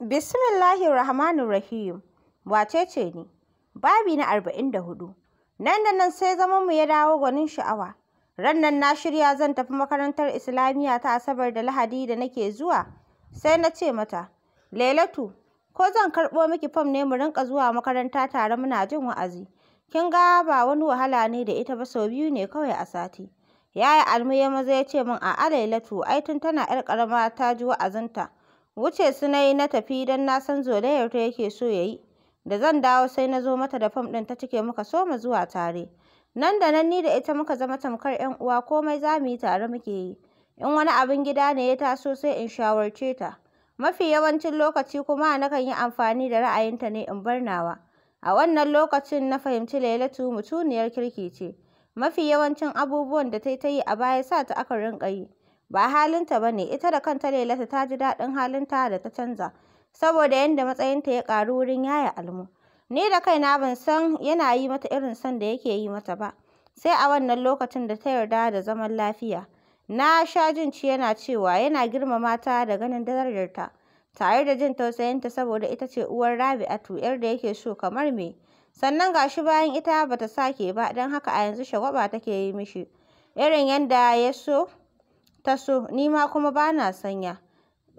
Bismillahirrahmanirrahim. Wace ce ni? Babi na arba'in da hudu. Nan da nan sai zaman mu ya dawo gwanin sha'awa. Rannan na shirya zan tafi makarantar Islamiyya ta Asabar da Lahadi da nake zuwa. Sai na ce mata, Lailatu, ko zan karɓo miki fam ne mu rinka zuwa makaranta tare muna jin wa'azi. Kin ga ba wani wahala ne da ita ba sau biyu ne kawai a sati. Yaya Almu ya maza ya ce min a'a Lailatu ai tun tana 'yar ƙarama ta ji wa'azinta. Wuce su na yi na tafi don na san ta yake so ya yi. Da zan dawo sai na zo mata da fam ɗin ta cike muka so soma zuwa tare. Nan da nan ni da ita muka zama tamkar 'yan uwa komai za mu yi tare muke yi. In wani abin gida ne ya taso sai in shawarce ta. Mafi yawancin lokaci kuma nakan yi amfani da ra'ayinta ne in bar nawa. A wannan lokacin na fahimci Lailatu mutuniyar kirki ce. Mafi yawancin abubuwan da ta yi a baya sa ta aka rinƙa yi. ba halinta ba ne ita da kanta Lailatu ta ji daɗin halinta da ta canza saboda yadda matsayinta ya ƙaru wurin yaya almu ni da kaina ban san yana yi mata irin son da yake yi mata ba sai a wannan lokacin da ta yarda da zaman lafiya na sha jin ci yana cewa yana girmama ta da ganin darajarta tare da jin tausayinta saboda ita ce uwar Rabi'atu yar da yake so kamar me sannan gashi bayan ita bata sake ba don haka a yanzu shagwaba take yi mishi irin yadda ya so ta so ni ma kuma ba na sanya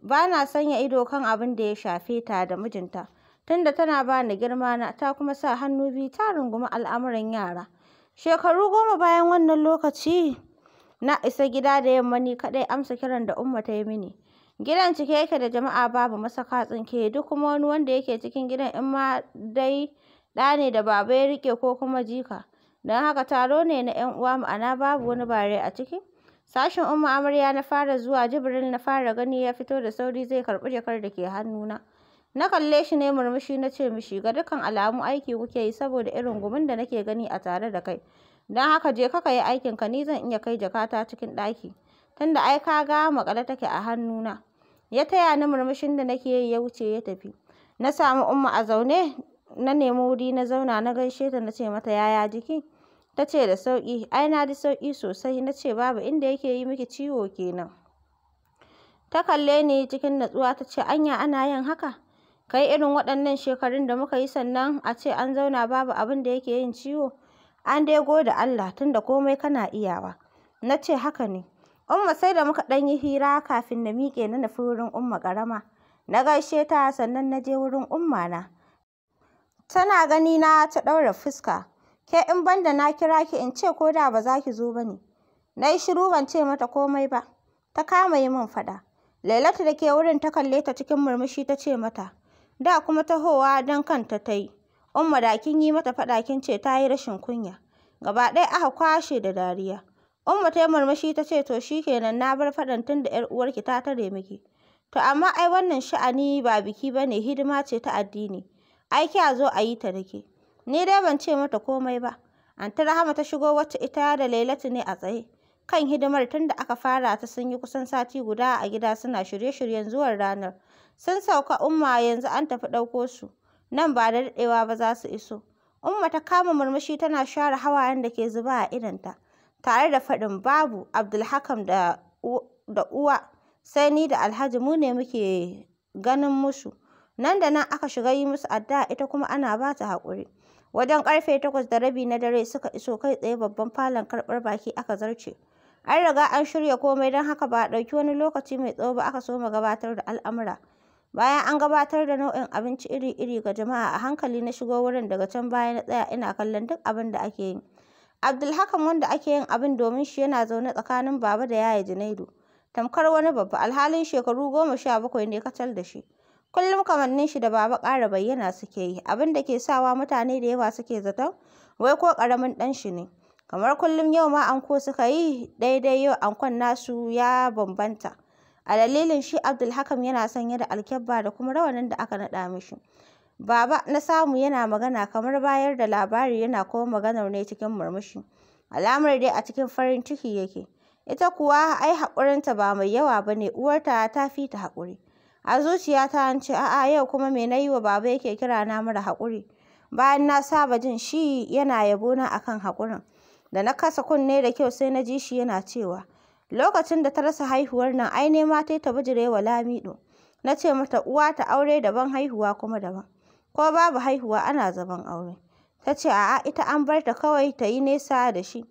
ba sanya ido kan abin da ya shafe ta da mijinta tunda tana ba ni girma na ta kuma sa hannu biyu ta rungumi al'amuran yara shekaru goma bayan wannan lokaci na isa gida da yamma ni kaɗai amsa kiran da umma ta yi mini gidan cike yake da jama'a babu masaka tsinke duk kuma wani wanda yake cikin gidan in ma dai ɗa ne da baba ya riƙe ko kuma jika don haka taro ne na 'yan uwa ma'ana babu wani bare a ciki Sashen Umma Amarya na fara zuwa, Jibril na fara gani ya fito da sauri zai karbi jakar da ke hannuna. Na kalle shi ne murmushi na ce mishi, ga dukkan alamu aiki kuke yi saboda irin gumin da nake gani a tare da kai. Don haka je ka aikin ka ni zan iya kai jakata cikin ɗaki. Tunda ai ka ga makala take a hannuna. Ya taya ni murmushin da nake yi ya wuce ya tafi. Na samu Umma a zaune, na nemi wuri na zauna na gaishe ta na ce mata yaya jiki? ta ce da sauƙi ai na ji sauƙi sosai na ce babu inda yake yi miki ciwo kenan ta kalle ni cikin natsuwa ta ce anya ana yin haka kai irin waɗannan shekarun da muka yi sannan a ce an zauna babu abin da yake yin ciwo an dai gode Allah tunda komai kana iyawa na ce haka ne umma sai da muka ɗan yi hira kafin na miƙe na nufi wurin umma ƙarama na gaishe ta sannan na je wurin umma na tana ganina ta ɗaura fuska Ke in banda na kira ki in ce ko da ba za ki zo ba ne. Na yi shiru ban ce mata komai ba. Ta kama yi min faɗa. Lailatu da ke wurin ta kalle ta cikin murmushi ta ce mata. Da kuma tahowa don kanta ta yi. Umma da kin yi mata faɗa kin ce ta yi rashin kunya. Gaba ɗaya aka kwashe da dariya. Umma ta yi murmushi ta ce to shi kenan na bar faɗan tun da ‘yar uwarki ta tare miki. To amma ai wannan sha'ani ba biki ba ne hidima ce ta addini. Ai kya zo a yi ta da ke. Ni dai ban ce mata komai ba. Anti Rahama ta shigo wata ita da Lailatu ne a tsaye. Kan hidimar tun da aka fara ta sun yi kusan sati guda a gida suna shirye-shiryen zuwan ranar. Sun sauka Umma yanzu an tafi ɗauko su. Nan ba da daɗewa ba za su iso. Umma ta kama murmushi tana share hawayen da ke zuba a idonta. Tare da faɗin babu Abdulhakam da da uwa sai ni da Alhaji mu ne muke ganin musu. Nan da nan aka shiga yi musu addu'a ita kuma ana ba ta haƙuri. Wajen karfe takwas da rabi na dare suka iso kai tsaye babban falon karɓar baki aka zarce. An riga an shirya komai don haka ba a ɗauki wani lokaci mai tsawo ba aka so mu gabatar da al'amura. Bayan an gabatar da nau'in abinci iri-iri ga jama'a a hankali na shigo wurin daga can baya na tsaya ina kallon duk abin da ake yi. Abdulhakan wanda ake yin abin domin shi yana zaune tsakanin baba da yaya Junaidu. Tamkar wani babba alhalin shekaru goma sha bakwai ne kacal da shi. Kullum kamannin shi da baba ƙara bayyana suke yi, abin da ke sawa mutane da yawa suke zaton wai ko ƙaramin ɗan shi ne. Kamar kullum yau ma anko suka yi, daidai yau ankon nasu ya bambanta. A dalilin shi Abdulhakam yana sanye da alkyabba da kuma rawanin da aka naɗa mishi. Baba na samu yana magana kamar bayar da labari yana kuma maganar ne cikin murmushi. Alamar dai a cikin farin ciki yake. Ita kuwa ai haƙurinta ba mai yawa bane uwarta ta fi ta haƙuri. A zuciyata an ce a'a yau kuma me na yi wa baba yake kira na mara haƙuri. Bayan na saba jin shi yana yabo na akan haƙurin. Da na kasa kunne da kyau sai na ji shi yana cewa lokacin da ta rasa haihuwar nan ai nema tai ta bijire wa Lamido. Na ce mata uwa ta aure daban haihuwa kuma daban. Ko babu haihuwa ana zaban aure. Ta ce a'a ita an bar ta kawai ta yi nesa da shi.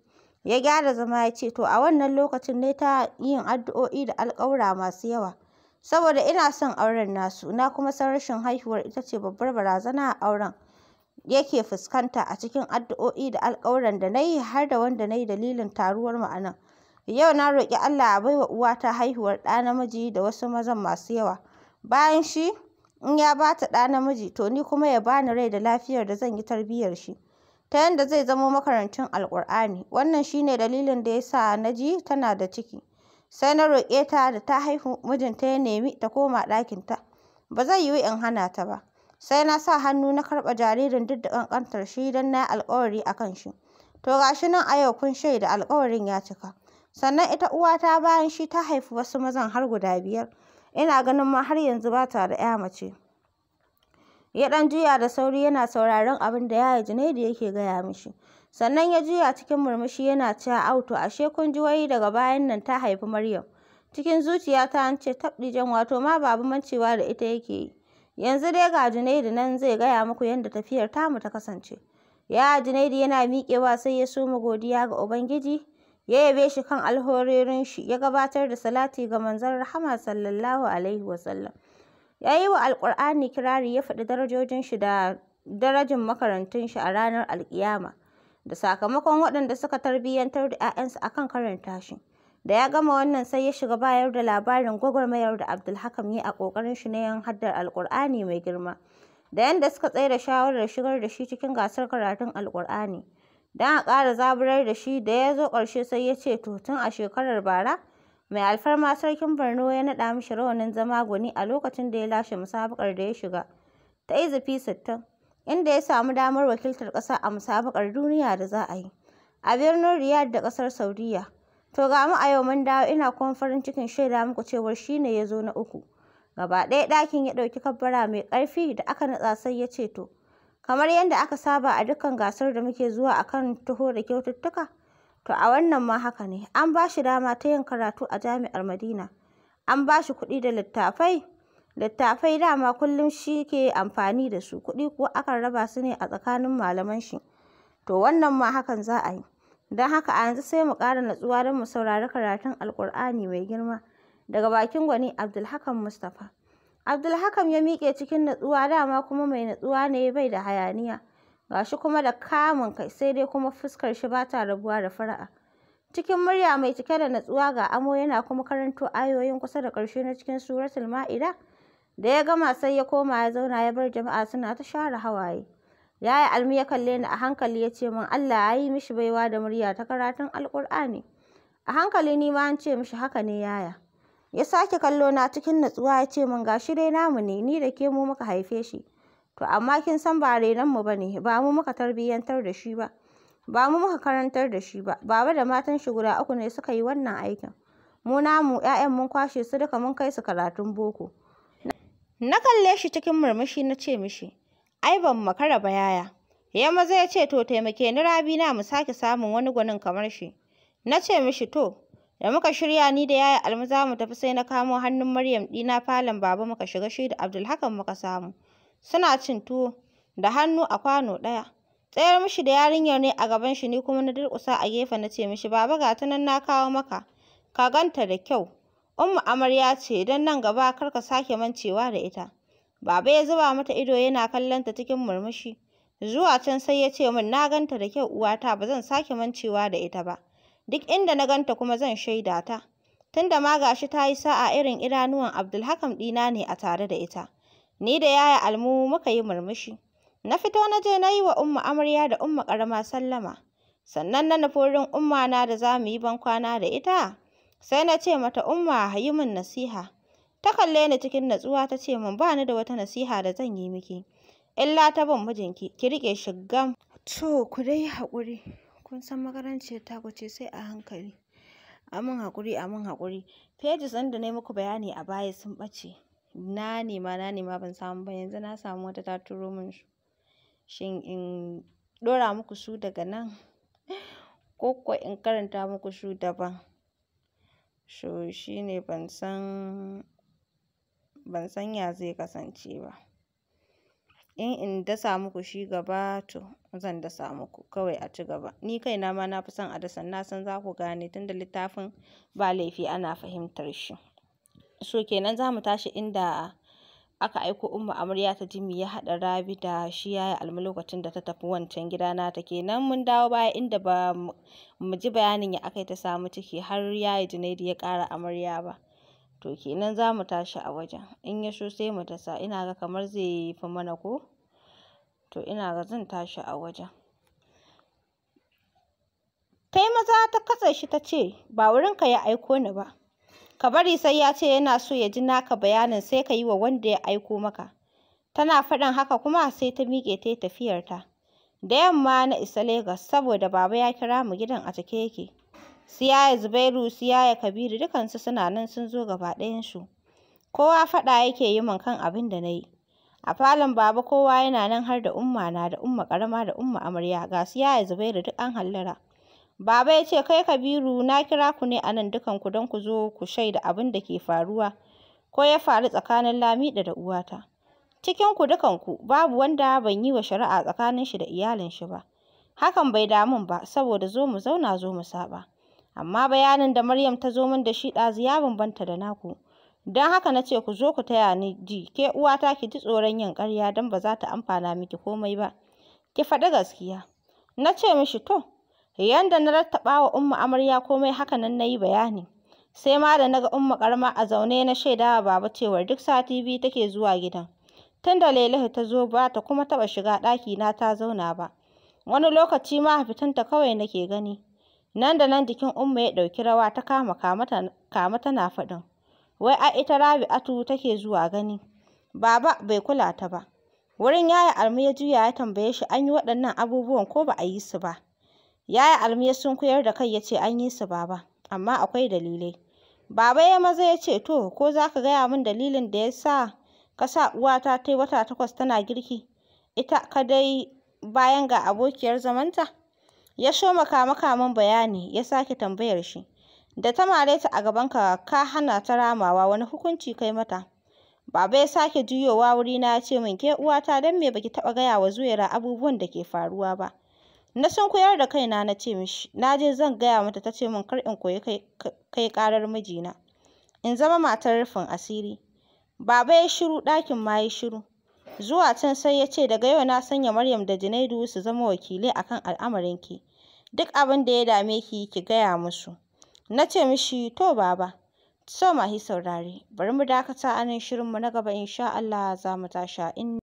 Ya gyara zama ya ce to a wannan lokacin ne ta yin addu'o'i da alƙawura masu yawa. saboda ina son auren nasu na kuma san rashin haihuwar ita ce babbar barazana a auren yake fuskanta a cikin addu'o'i da alƙawuran da na yi har da wanda na yi dalilin taruwar mu a nan yau na roƙi Allah a baiwa uwata haihuwar ɗa namiji da wasu mazan masu yawa bayan shi in ya bata ɗa namiji to ni kuma ya bani rai da lafiyar da zan yi tarbiyyar shi ta yanda zai zamo makarantun alƙur'ani wannan shine dalilin da ya sa na ji tana da ciki Sai na roƙe ta da ta haihu mijinta ya nemi ta koma ɗakinta. Ba zai yiwu in hana ta ba. Sai na sa hannu na karɓa jaririn duk da ƙanƙantar shi don na yi alƙawari a kan shi. To ga shi nan a yau kun shaida alƙawarin ya cika. Sannan ita uwata bayan shi ta haifi wasu mazan har guda biyar. Ina ganin ma har yanzu ba ta da ƴa mace. Ya ɗan juya da sauri yana sauraron abin da yaye Junaidu yake gaya mishi. Sannan ya juya cikin murmushi yana cewa auto ashe kun ji wai daga bayan nan ta haifi Maryam. Cikin zuciyata an ce jan wato ma babu mancewa da ita yake yi. Yanzu dai ga Junaidu nan zai gaya muku yadda tafiyar tamu ta kasance. Ya Junaidu yana miƙewa sai ya soma godiya ga Ubangiji, ya yabe shi kan alhororin shi, ya gabatar da salati ga manzon rahama sallallahu alaihi Ya yi wa Alƙur'ani kirari ya faɗi darajojin shi da darajin makarantun shi a ranar alƙiyama. da sakamakon waɗanda suka tarbiyyantar da 'ya'yansu kan karanta shi. Da ya gama wannan sai ya shiga bayar da labarin gwagwarmayar da Abdulhakam ya a ƙoƙarin shi na yin haddar Alƙur'ani mai girma, da yadda suka tsaye da shawarar shigar da shi cikin gasar karatun Alƙur'ani. Don a ƙara zaburar da shi da ya zo ƙarshe sai ya ce to tun a shekarar bara, mai alfarma sarkin Borno ya naɗa mishi rawanin zama gwani a lokacin da ya lashe musabaƙar da ya shiga ta izifi sittin. inda ya samu damar wakiltar ƙasa a musabakar duniya da za a yi a birnin Riyadh da ƙasar Saudiyya. To ga mu a yau mun dawo ina kuma farin cikin shaida muku cewar shi ne ya zo na uku. Gaba ɗaya ɗakin ya ɗauki kabbara mai ƙarfi da aka natsa sai ya ce to. Kamar yadda aka saba a dukkan gasar da muke zuwa a kan taho da kyaututtuka, to a wannan ma haka ne, an ba shi dama ta yin karatu a jami'ar Madina, an ba shi kuɗi da littafai, Littafai dama kullum shi ke amfani da su kuɗi kuwa akan raba su ne a tsakanin malaman shi to wannan ma hakan za a yi don haka a yanzu sai mu ƙara natsuwa don mu saurari karatun alƙur'ani mai girma daga bakin gwani abdulhakam mustapha abdulhakam ya miƙe cikin natsuwa dama kuma mai natsuwa ne ya bai da hayaniya Ga shi kuma da kamun kai sai dai kuma fuskar shi ba ta rabuwa da fara'a cikin murya mai cike da natsuwa ga amo yana kuma karanto ayoyin kusa da ƙarshe na cikin suratul ma'ida da ya gama sai ya koma ya zauna ya bar jama'a suna ta share hawaye yaya almi ya kalle ni a hankali ya ce min Allah ya yi mishi baiwa da murya ta karatun alkur'ani a hankali ni ma an ce mishi haka ne yaya ya sake kallo na cikin natsuwa ya ce min gashi dai namu ne ni da ke mu muka haife shi to amma kin san ba renon mu bane ba mu muka tarbiyyantar da shi ba ba mu muka karantar da shi ba baba da matan shi guda uku ne suka yi wannan aikin mu namu Ya'yan mun kwashe su duka mun kai su karatun boko Na kalle shi cikin murmushi na ce mishi, ai ban makara ba yaya. Ya maza ya ce to taimake ni rabi na mu sake samun wani gwanin kamar shi. Na ce mishi to, da muka shirya ni da yaya almu mu tafi sai na kamo hannun Maryam ɗina falon baba muka shiga shi da Abdulhakan muka samu. Suna cin tuwo da hannu a kwano ɗaya. Tsayar mishi da yarinyar ne a gaban shi ni kuma na durƙusa a gefe na ce mishi baba ga ta nan na kawo maka. Ka ganta da kyau. Ummu amarya ce don nan gaba kar ka sake mancewa da ita. Baba ya zuba mata ido yana kallon ta cikin murmushi. Zuwa can sai ya ce min na ganta da kyau uwata ba zan sake mancewa da ita ba. Duk inda na ganta kuma zan shaida ta. Tunda ma gashi ta yi sa'a irin idanuwan Abdulhakam ɗina ne a tare da ita. Ni da yaya almu muka yi murmushi. Na fito na je na yi wa Umma amarya da Umma ƙarama sallama. Sannan na nufi wurin Umma na da za mu yi bankwana da ita. Sai na ce mata Umma yi min nasiha. Ta kalle ni cikin natsuwa ta ce min ba ni da wata nasiha da zan yi miki. Illa ta bin mijinki ki rike shi gam. To ku dai hakuri kun san makaranciyar ta ce sai a hankali. Amin haƙuri amin hakuri Pages ɗin da na yi muku bayani a baya sun ɓace. Na nema na nema ban samu ba yanzu na samu wata ta turo min Shin in ɗora muku su daga nan ko kuwa in karanta muku su daban? so shi ne ban san ya zai kasance ba in in dasa muku shi gaba to zan dasa muku kawai a ci gaba ni kaina ma na fi son a dasa na san za ku gane tunda littafin ba laifi ana fahimtar shi so kenan za mu tashi inda aka aiko umma amarya ta jimi ya haɗa rabi da shi yaya alma lokacin da ta tafi wancan gida ta. kenan mun dawo baya inda ba mu ji bayanin ya aka ta samu ciki har yaya junaidu ya ƙara amarya ba to kenan za mu tashi a wajen in ya so sai mu tasa ina ga kamar zai fi mana ko to ina ga zan tashi a wajen ta yi maza ta katse shi ta ce ba ka ya aiko ni ba ka bari sai ya ce yana so ya ji naka bayanin sai ka yi wa wanda ya aiko maka tana faɗin haka kuma sai ta miƙe ta yi tafiyarta da yamma na isa Legas saboda baba ya kira mu gidan a cike yake siyaya Zubairu siyaya Kabiru dukansu suna nan sun zo gaba ɗayansu kowa faɗa yake yi min kan abin da na yi a falon baba kowa yana nan har da umma na da umma ƙarama da umma amarya ga siyaya Zubairu duk an hallara Baba ya ce, Kai Kabiru, na kira ku ne a nan dukanku don ku zo ku shaida abin da ke faruwa ko ya faru tsakanin lami da uwata. Cikinku dukanku, babu wanda ban yi wa shari'a tsakanin shi da iyalin shi ba. Hakan bai damun ba, saboda zo mu zauna zo mu saɓa. Amma bayanin da Maryam ta zo min da shi ɗazu ya bambanta da naku. Don haka na ce ku zo ku taya ni ji, ke uwata ki ji tsoron yin ƙarya don ba za ta amfana miki komai ba. Ki faɗi gaskiya. Na ce mishi to, Yanda na rattaba wa Umma amarya komai haka nan na yi bayani. Sai ma da naga Umma ƙarama a zaune na shaida wa Baba cewa duk sati biyu take zuwa gidan. Tunda ta zo ba ta kuma taba shiga na ta zauna ba. Wani lokaci ma fitinta kawai nake gani. Nan da nan jikin Umma ya ɗauki rawa ta kama kama tana faɗin. Wai a ita Rabi'atu take zuwa gani. Baba bai kula ta ba. Wurin yaya Almu ya juya ya tambaye shi an yi waɗannan abubuwan ko ba a yi su ba. Yaya almi ya sunkuyar da kai ya ce an yi su baba, amma akwai dalilai. Baba ya maza ya ce to ko za ka gaya min dalilin da ya sa ka sa uwata ta wata takwas tana girki, ita ka dai bayan ga abokiyar zamanta? Ya sho makama bayani ya sake tambayar shi. Da ta mare ta a gaban ka hana ta ramawa wani hukunci kai mata? Baba ya sake juyowa wurina ya ce min ke uwata don me baki taɓa gaya wa Zuwaira abubuwan da ke faruwa ba? Na sunkuyar da kaina na ce mishi, na je zan gaya mata ta ce min kar in koyi kai ƙarar mijina, in zama matar rufin asiri. Baba ya shiru ɗakin ma ya shiru. Zuwa can sai ya ce daga yau na sanya Maryam da Junaidu su zama wakilai akan al'amarinki. Duk abin da ya dame ki ki gaya musu. Na ce mishi to baba. So mahi saurare, bari mu dakata a nan shirinmu na gaba insha Allah za mu tashi in